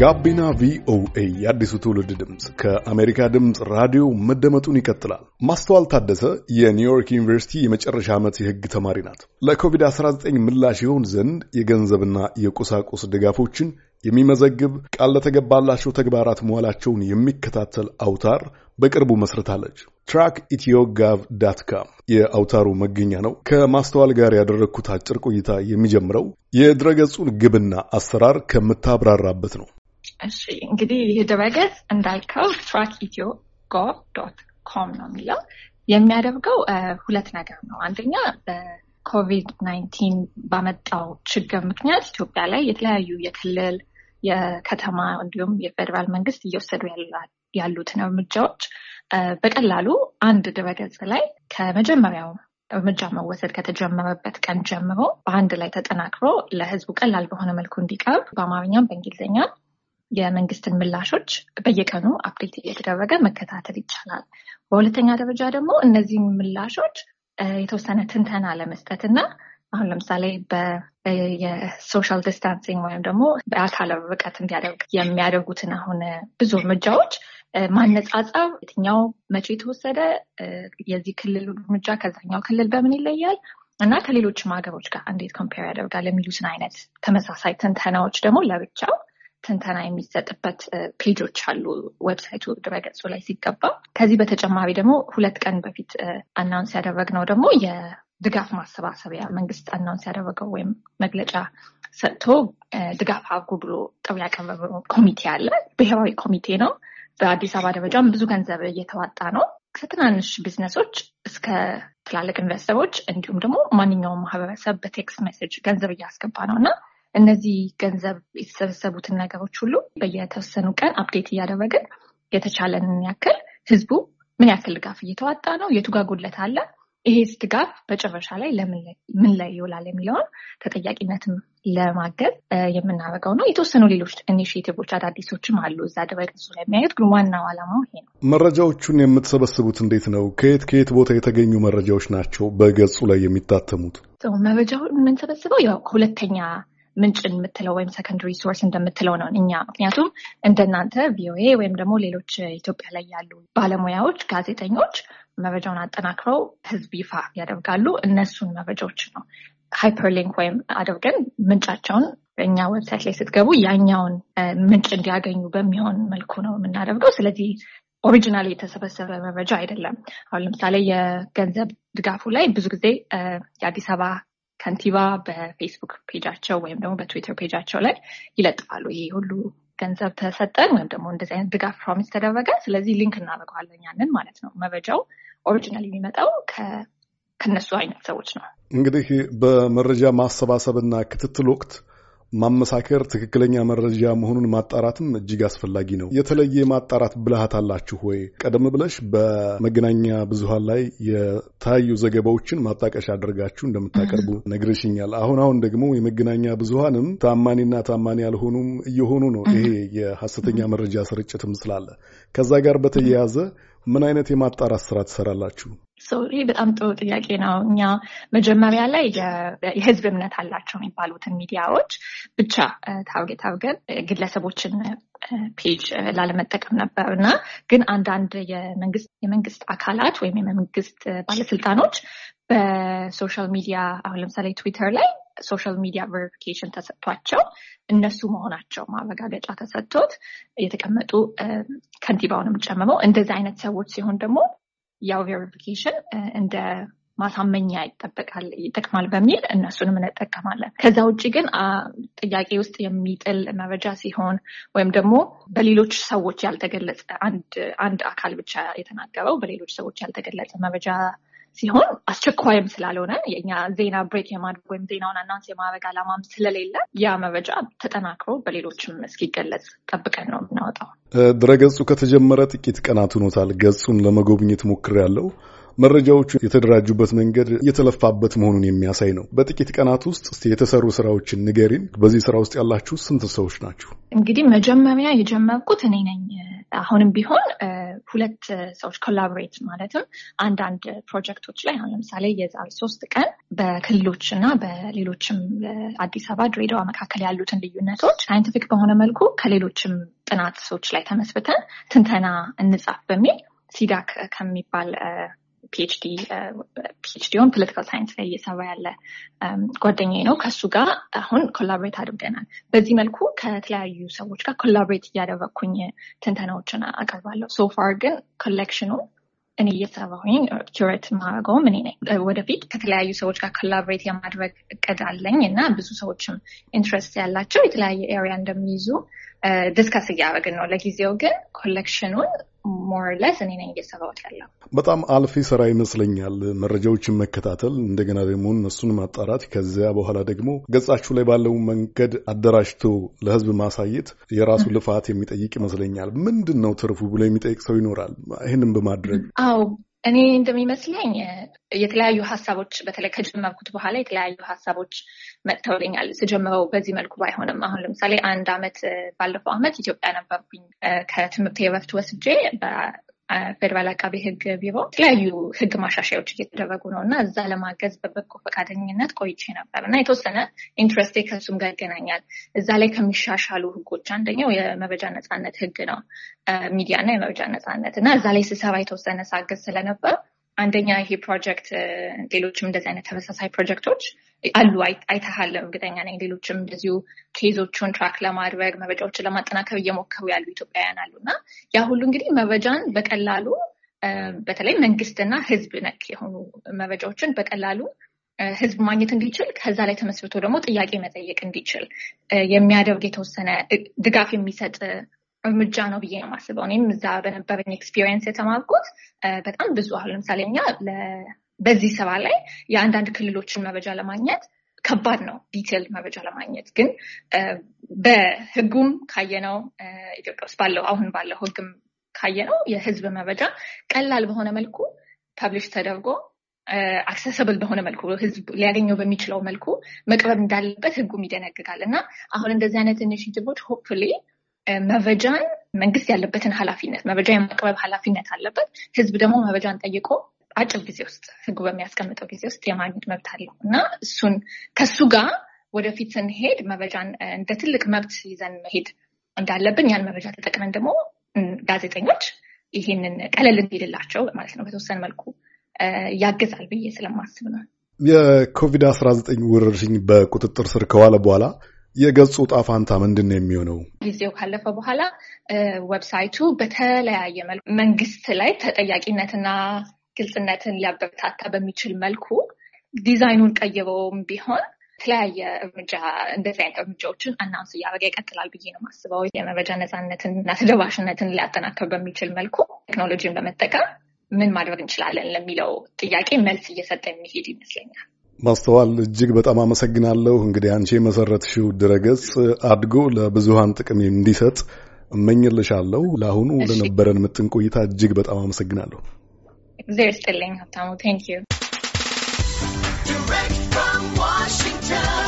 ጋቢና ቪኦኤ የአዲሱ ትውልድ ድምፅ ከአሜሪካ ድምፅ ራዲዮ መደመጡን ይቀጥላል። ማስተዋል ታደሰ የኒውዮርክ ዩኒቨርሲቲ የመጨረሻ ዓመት የሕግ ተማሪ ናት። ለኮቪድ-19 ምላሽ ይሆን ዘንድ የገንዘብና የቁሳቁስ ድጋፎችን የሚመዘግብ ቃል ለተገባላቸው ተግባራት መዋላቸውን የሚከታተል አውታር በቅርቡ መስረታለች። ትራክ ኢትዮ ጋቭ ዳት ካም የአውታሩ መገኛ ነው። ከማስተዋል ጋር ያደረግኩት አጭር ቆይታ የሚጀምረው የድረገጹን ግብና አሰራር ከምታብራራበት ነው። እሺ እንግዲህ ይህ ድረገጽ እንዳልከው ትራክ ኢትዮ ጎቭ ዶት ኮም ነው የሚለው የሚያደርገው ሁለት ነገር ነው። አንደኛ በኮቪድ ናይንቲን ባመጣው ችግር ምክንያት ኢትዮጵያ ላይ የተለያዩ የክልል የከተማ እንዲሁም የፌዴራል መንግስት እየወሰዱ ያሉትን እርምጃዎች በቀላሉ አንድ ድረገጽ ላይ ከመጀመሪያው እርምጃ መወሰድ ከተጀመረበት ቀን ጀምሮ በአንድ ላይ ተጠናክሮ ለህዝቡ ቀላል በሆነ መልኩ እንዲቀርብ በአማርኛም በእንግሊዝኛ የመንግስትን ምላሾች በየቀኑ አፕዴት እየተደረገ መከታተል ይቻላል። በሁለተኛ ደረጃ ደግሞ እነዚህን ምላሾች የተወሰነ ትንተና ለመስጠት እና አሁን ለምሳሌ የሶሻል ዲስታንሲንግ ወይም ደግሞ በአካል ርቀት እንዲያደርግ የሚያደርጉትን አሁን ብዙ እርምጃዎች ማነጻጸር፣ የትኛው መቼ የተወሰደ የዚህ ክልል እርምጃ ከዛኛው ክልል በምን ይለያል እና ከሌሎችም ሀገሮች ጋር እንዴት ኮምፔር ያደርጋል የሚሉትን አይነት ተመሳሳይ ትንተናዎች ደግሞ ለብቻው ትንተና የሚሰጥበት ፔጆች አሉ ዌብሳይቱ ድረገጹ ላይ ሲገባ። ከዚህ በተጨማሪ ደግሞ ሁለት ቀን በፊት አናውንስ ያደረግነው ደግሞ የድጋፍ ማሰባሰቢያ መንግስት አናውንስ ያደረገው ወይም መግለጫ ሰጥቶ ድጋፍ አድርጉ ብሎ ጥሪ ያቀረበው ኮሚቴ አለ። ብሔራዊ ኮሚቴ ነው። በአዲስ አበባ ደረጃም ብዙ ገንዘብ እየተዋጣ ነው ከትናንሽ ቢዝነሶች እስከ ትላልቅ ኢንቨስተሮች እንዲሁም ደግሞ ማንኛውም ማህበረሰብ በቴክስት ሜሴጅ ገንዘብ እያስገባ ነው እና እነዚህ ገንዘብ የተሰበሰቡትን ነገሮች ሁሉ በየተወሰኑ ቀን አፕዴት እያደረግን የተቻለንን ያክል ህዝቡ ምን ያክል ድጋፍ እየተዋጣ ነው፣ የቱ ጉድለት አለ፣ ይሄ ድጋፍ በጨረሻ ላይ ምን ላይ ይውላል የሚለውን ተጠያቂነትም ለማገዝ የምናደርገው ነው። የተወሰኑ ሌሎች ኢኒሽቲቮች አዳዲሶችም አሉ እዛ ድረገጹ ላይ የሚያዩት፣ ግን ዋናው ዓላማው ይሄ ነው። መረጃዎቹን የምትሰበስቡት እንዴት ነው? ከየት ከየት ቦታ የተገኙ መረጃዎች ናቸው በገጹ ላይ የሚታተሙት? መረጃውን የምንሰበስበው ያው ከሁለተኛ ምንጭን የምትለው ወይም ሰከንድሪ ሶርስ እንደምትለው ነው እኛ። ምክንያቱም እንደናንተ ቪኦኤ ወይም ደግሞ ሌሎች ኢትዮጵያ ላይ ያሉ ባለሙያዎች፣ ጋዜጠኞች መረጃውን አጠናክረው ህዝብ ይፋ ያደርጋሉ። እነሱን መረጃዎች ነው ሃይፐርሊንክ ወይም አድርገን ምንጫቸውን እኛ ዌብሳይት ላይ ስትገቡ ያኛውን ምንጭ እንዲያገኙ በሚሆን መልኩ ነው የምናደርገው። ስለዚህ ኦሪጂናል የተሰበሰበ መረጃ አይደለም። አሁን ለምሳሌ የገንዘብ ድጋፉ ላይ ብዙ ጊዜ የአዲስ አበባ ከንቲባ በፌስቡክ ፔጃቸው ወይም ደግሞ በትዊተር ፔጃቸው ላይ ይለጥፋሉ። ይሄ ሁሉ ገንዘብ ተሰጠን ወይም ደግሞ እንደዚህ አይነት ድጋፍ ፕሮሚስ ተደረገ፣ ስለዚህ ሊንክ እናደርገዋለን ያንን ማለት ነው። መረጃው ኦሪጂናል የሚመጣው ከነሱ አይነት ሰዎች ነው። እንግዲህ በመረጃ ማሰባሰብና ክትትል ወቅት ማመሳከር ትክክለኛ መረጃ መሆኑን ማጣራትም እጅግ አስፈላጊ ነው። የተለየ ማጣራት ብልሃት አላችሁ ወይ? ቀደም ብለሽ በመገናኛ ብዙሃን ላይ የታዩ ዘገባዎችን ማጣቀሻ አድርጋችሁ እንደምታቀርቡ ነግርሽኛል። አሁን አሁን ደግሞ የመገናኛ ብዙሃንም ታማኒና ታማኒ ያልሆኑም እየሆኑ ነው። ይሄ የሐሰተኛ መረጃ ስርጭትም ስላለ ከዛ ጋር በተያያዘ ምን አይነት የማጣራት ስራ ትሰራላችሁ? ይህ በጣም ጥሩ ጥያቄ ነው። እኛ መጀመሪያ ላይ የህዝብ እምነት አላቸው የሚባሉትን ሚዲያዎች ብቻ ታርጌት አድርገን ግለሰቦችን ፔጅ ላለመጠቀም ነበር እና ግን አንዳንድ የመንግስት አካላት ወይም የመንግስት ባለስልጣኖች በሶሻል ሚዲያ አሁን ለምሳሌ ትዊተር ላይ ሶሻል ሚዲያ ቨሪፊኬሽን ተሰጥቷቸው እነሱ መሆናቸው ማረጋገጫ ተሰጥቶት የተቀመጡ ከንቲባውንም ጨምሮ እንደዚህ አይነት ሰዎች ሲሆን ደግሞ ያው ቬሪፊኬሽን እንደ ማሳመኛ ይጠበቃል ይጠቅማል በሚል እነሱንም እንጠቀማለን። ከዛ ውጭ ግን ጥያቄ ውስጥ የሚጥል መረጃ ሲሆን ወይም ደግሞ በሌሎች ሰዎች ያልተገለጸ አንድ አካል ብቻ የተናገረው በሌሎች ሰዎች ያልተገለጸ መረጃ ሲሆን አስቸኳይም ስላልሆነ የኛ ዜና ብሬክ የማድረግ ወይም ዜናውን አናውንስ የማበግ አላማም ስለሌለ ያ መረጃ ተጠናክሮ በሌሎችም እስኪገለጽ ጠብቀን ነው የምናወጣው። ድረገጹ ከተጀመረ ጥቂት ቀናት ሆኖታል። ገጹን ለመጎብኘት ሞክር ያለው መረጃዎቹ የተደራጁበት መንገድ እየተለፋበት መሆኑን የሚያሳይ ነው። በጥቂት ቀናት ውስጥ የተሰሩ ስራዎችን ንገሪን። በዚህ ስራ ውስጥ ያላችሁ ስንት ሰዎች ናችሁ? እንግዲህ መጀመሪያ የጀመርኩት እኔ ነኝ። አሁንም ቢሆን ሁለት ሰዎች ኮላቦሬት ማለትም አንዳንድ ፕሮጀክቶች ላይ አሁን ለምሳሌ የዛሬ ሶስት ቀን በክልሎች እና በሌሎችም አዲስ አበባ፣ ድሬዳዋ መካከል ያሉትን ልዩነቶች ሳይንቲፊክ በሆነ መልኩ ከሌሎችም ሰዎች ላይ ተመስብተን ትንተና እንጻፍ በሚል ሲዳክ ከሚባል ፒኤችዲ ፒኤችዲውን ፖለቲካል ሳይንስ ላይ እየሰራ ያለ um, ጓደኛዬ ነው። ከሱ ጋር አሁን ኮላቦሬት አድርገናል። በዚህ መልኩ ከተለያዩ ሰዎች ጋር ኮላቦሬት እያደረግኩኝ ትንተናዎችን አቀርባለሁ። ሶፋር ግን ኮሌክሽኑ እኔ እየሰራሁኝ ኪሬት ማድረገውም እኔ ነኝ። ወደፊት ከተለያዩ ሰዎች ጋር ኮላቦሬት የማድረግ እቅድ አለኝ እና ብዙ ሰዎችም ኢንትረስት ያላቸው የተለያየ ኤሪያ እንደሚይዙ ዲስከስ uh, እያደረግን ነው። ለጊዜው ግን ኮሌክሽኑን ሞር ለስ እኔ ነኝ እየሰራሁት ያለው። በጣም አልፊ ስራ ይመስለኛል። መረጃዎችን መከታተል፣ እንደገና ደግሞ እነሱን ማጣራት፣ ከዚያ በኋላ ደግሞ ገጻችሁ ላይ ባለው መንገድ አደራጅቶ ለህዝብ ማሳየት የራሱ ልፋት የሚጠይቅ ይመስለኛል። ምንድን ነው ትርፉ ብሎ የሚጠይቅ ሰው ይኖራል። ይህንን በማድረግ አዎ እኔ እንደሚመስለኝ የተለያዩ ሀሳቦች በተለይ ከጀመርኩት በኋላ የተለያዩ ሀሳቦች መጥተውልኛል። ስጀምረው በዚህ መልኩ ባይሆንም አሁን ለምሳሌ አንድ አመት ባለፈው አመት ኢትዮጵያ ነበርኩኝ። ከትምህርት የረፍት ወስጄ ፌዴራል አቃቤ ህግ ቢሮ የተለያዩ ህግ ማሻሻያዎች እየተደረጉ ነው እና እዛ ለማገዝ በበጎ ፈቃደኝነት ቆይቼ ነበር እና የተወሰነ ኢንትረስቴ ከሱም ጋር ይገናኛል። እዛ ላይ ከሚሻሻሉ ህጎች አንደኛው የመረጃ ነፃነት ህግ ነው። ሚዲያ እና የመረጃ ነፃነት እና እዛ ላይ ስሰራ የተወሰነ ሳገዝ ስለነበር አንደኛ ይሄ ፕሮጀክት ሌሎችም እንደዚህ አይነት ተመሳሳይ ፕሮጀክቶች አሉ አይተሃል፣ እርግጠኛ ነኝ። ሌሎችም እንደዚሁ ኬዞቹን ትራክ ለማድረግ መረጃዎችን ለማጠናከብ እየሞከሩ ያሉ ኢትዮጵያውያን አሉ እና ያ ሁሉ እንግዲህ መረጃን በቀላሉ በተለይ መንግስትና ህዝብ ነክ የሆኑ መረጃዎችን በቀላሉ ህዝብ ማግኘት እንዲችል ከዛ ላይ ተመስርቶ ደግሞ ጥያቄ መጠየቅ እንዲችል የሚያደርግ የተወሰነ ድጋፍ የሚሰጥ እርምጃ ነው ብዬ ነው ማስበው እኔም እዛ በነበረኝ ኤክስፒሪየንስ የተማርኩት በጣም ብዙ አሁን ለምሳሌ እኛ በዚህ ሰባ ላይ የአንዳንድ ክልሎችን መረጃ ለማግኘት ከባድ ነው። ዲቴል መረጃ ለማግኘት ግን በህጉም ካየነው ኢትዮጵያ ውስጥ ባለው አሁን ባለው ህግም ካየነው የህዝብ መረጃ ቀላል በሆነ መልኩ ፐብሊሽ ተደርጎ አክሰስብል በሆነ መልኩ ህዝብ ሊያገኘው በሚችለው መልኩ መቅረብ እንዳለበት ህጉም ይደነግጋል እና አሁን እንደዚህ አይነት ኢኒሽቲቮች ሆፕፉሊ መረጃን መንግስት ያለበትን ኃላፊነት መረጃ የማቅረብ ኃላፊነት አለበት። ህዝብ ደግሞ መረጃን ጠይቆ አጭር ጊዜ ውስጥ ህጉ በሚያስቀምጠው ጊዜ ውስጥ የማግኘት መብት አለው እና እሱን ከሱ ጋር ወደፊት ስንሄድ መረጃን እንደ ትልቅ መብት ይዘን መሄድ እንዳለብን ያን መረጃ ተጠቅመን ደግሞ ጋዜጠኞች ይህንን ቀለል እንዲልላቸው ማለት ነው በተወሰነ መልኩ ያግዛል ብዬ ስለማስብ ነው። የኮቪድ-19 ወረርሽኝ በቁጥጥር ስር ከዋለ በኋላ የገጹ ጣፋንታ ምንድን ነው የሚሆነው? ጊዜው ካለፈ በኋላ ዌብሳይቱ በተለያየ መልኩ መንግስት ላይ ተጠያቂነትና ግልጽነትን ሊያበረታታ በሚችል መልኩ ዲዛይኑን ቀይበውም ቢሆን የተለያየ እርምጃ እንደዚህ አይነት እርምጃዎችን አናውንስ እያደረገ ይቀጥላል ብዬ ነው ማስበው። የመረጃ ነፃነትን እና ተደራሽነትን ሊያጠናከር በሚችል መልኩ ቴክኖሎጂን በመጠቀም ምን ማድረግ እንችላለን ለሚለው ጥያቄ መልስ እየሰጠ የሚሄድ ይመስለኛል። ማስተዋል እጅግ በጣም አመሰግናለሁ። እንግዲህ አንቺ የመሰረትሽው ድረገጽ አድጎ ለብዙሃን ጥቅም እንዲሰጥ እመኝልሻለሁ። ለአሁኑ ለነበረን ምጥን ቆይታ እጅግ በጣም አመሰግናለሁ። they're still in Thank you. Direct from Washington.